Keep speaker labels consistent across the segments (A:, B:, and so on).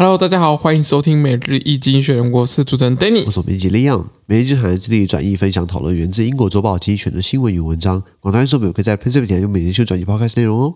A: Hello，大家好，歡迎收聽每日一經濟學人，我是主持人 Danny，我是編輯 Leon。每日一經濟學人在這裡轉譯分享討論源自英國《周報》及選擇新聞與文章，廣大觀眾表可以在 PressPlay 前用每日秀轉譯 Podcast 內容哦。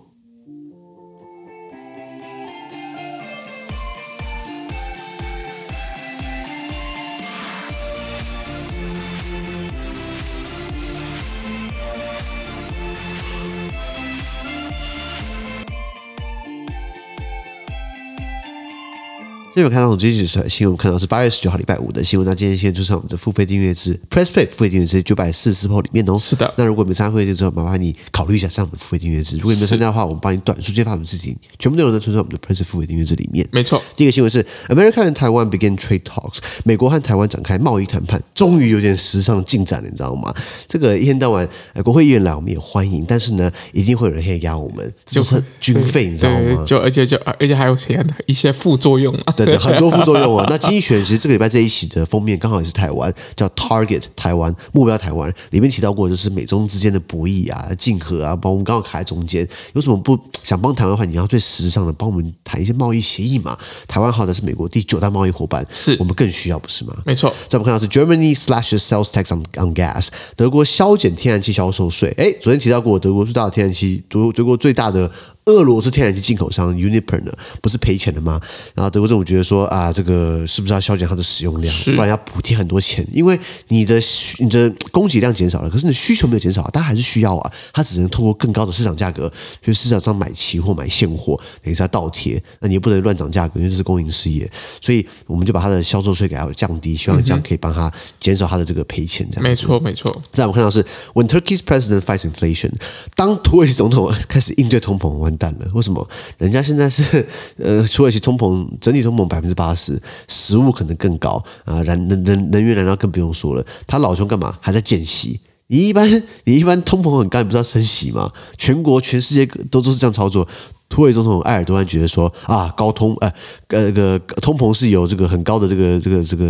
A: 日本看到今天我們看到最新的一條新聞，我們看到是八月十九號禮拜五的新聞。那今天先出場我們的付費訂閱制 PressPlay 付費訂閱制九百四十四號裡面哦。是的，那如果沒參加付費訂閱制，麻煩你考慮一下上我們的付費訂閱制。如果沒參加的話，我們幫你短時間辦的事情，全部內容都存在我們的 PressPlay 付費訂閱制裡面。沒錯。第一個新聞是 America and Taiwan begin trade talks，美國和台灣展開貿易談判，終於有點實質上的進展了，你知道嗎？這個一天到晚，國會議員來我們也歡迎，但是呢，一定會有人先壓我們，就是軍費、嗯，你知道嗎？就而且就而且還有些一些副作用、啊對對 很多副作用啊！那《經濟學人》其實這個禮拜這一期的封面剛好也是台灣，叫 “Target 台灣”，目標台灣。裡面提到過，就是美中之間的博弈啊、競合啊，幫我們剛好卡在中間。有什麼不想幫台灣的話，你要最時尚的幫我們談一些貿易協議嘛？台灣好歹是美國第九大貿易夥伴，是我們更需要，不是嗎？沒錯。再不看到是 Germany slashes sales tax on on gas，德國削減天然氣銷售稅。哎、欸，昨天提到過，德國最大的天然氣，德德國最大的俄羅斯天然氣進口商 Uniper 呢，不是賠錢的嗎？然後德國政府。比如說啊，這個是不是要削減它的使用量？不然要補貼很多錢，因為你的你的供給量減少了，可是你的需求沒有減少，大家還是需要啊。他只能透過更高的市場價格，就市場上買期貨、買現貨，等於在倒貼。那你又不能亂漲價格，因為這是供應事業。所以我們就把它的銷售稅給它降低，希望這樣可以幫他減少他的這個賠錢。這樣、嗯、沒錯沒錯。在我們看到是 When Turkey's President Fights Inflation，當土耳其總統開始應對通膨，完蛋了。為什麼？人家現在是呃土耳其通膨整體通膨。百分之八十，食物可能更高啊，燃、呃、能能能源燃料更不用說了。他老兄幹嘛還在減息？你一般你一般通膨很高，你剛才不知道升息嗎？全國全世界都都是這樣操作。土耳其總統埃爾多安覺得說啊，高通哎，那、呃、個通膨是有這個很高的這個這個這個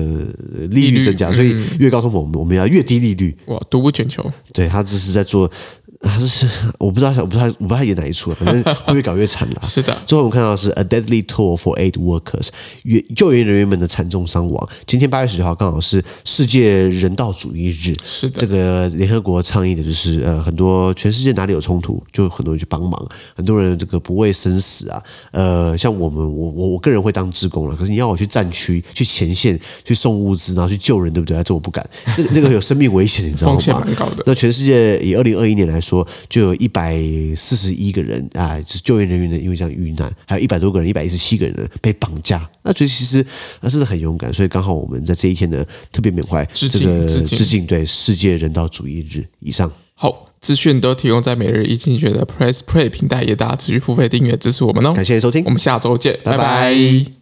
A: 利率增加，所以越高通膨我們、嗯、我們要越低利率。哇，獨步全球。對，他只是在做。他、啊、是我不知道，我不知道他，我不知道他演哪一出？反正會越搞越慘了、啊。 是的，最後我們看到的是《A Deadly Toll for Aid Workers》，援救援人員們的慘重傷亡。今天八月十九號剛好是世界人道主義日，是的，這個聯合國倡議的就是呃，很多全世界哪裡有衝突，就很多人去幫忙，很多人這個不畏生死啊。呃，像我們，我我我個人會當志工了，可是你要我去戰區去前線去送物資，然後去救人，對不對？啊、這我不敢，那那個有生命危險， 你知道嗎？風險蠻高的。那全世界以二零二一年來說。說就有一百四十一個人啊，就是救援人員呢，因為這樣遇難，還有一百多個人，一百一十七個人呢被綁架。那所以其實那是、啊、真的很勇敢，所以剛好我們在這一天呢，特別緬懷這個致敬、致敬，對世界人道主義日以上。好，資訊都提供在每日一經濟學人的 PressPlay 平台，也大家持續付費訂閱支持我們哦。感謝收聽，我們下周見，拜拜。拜拜。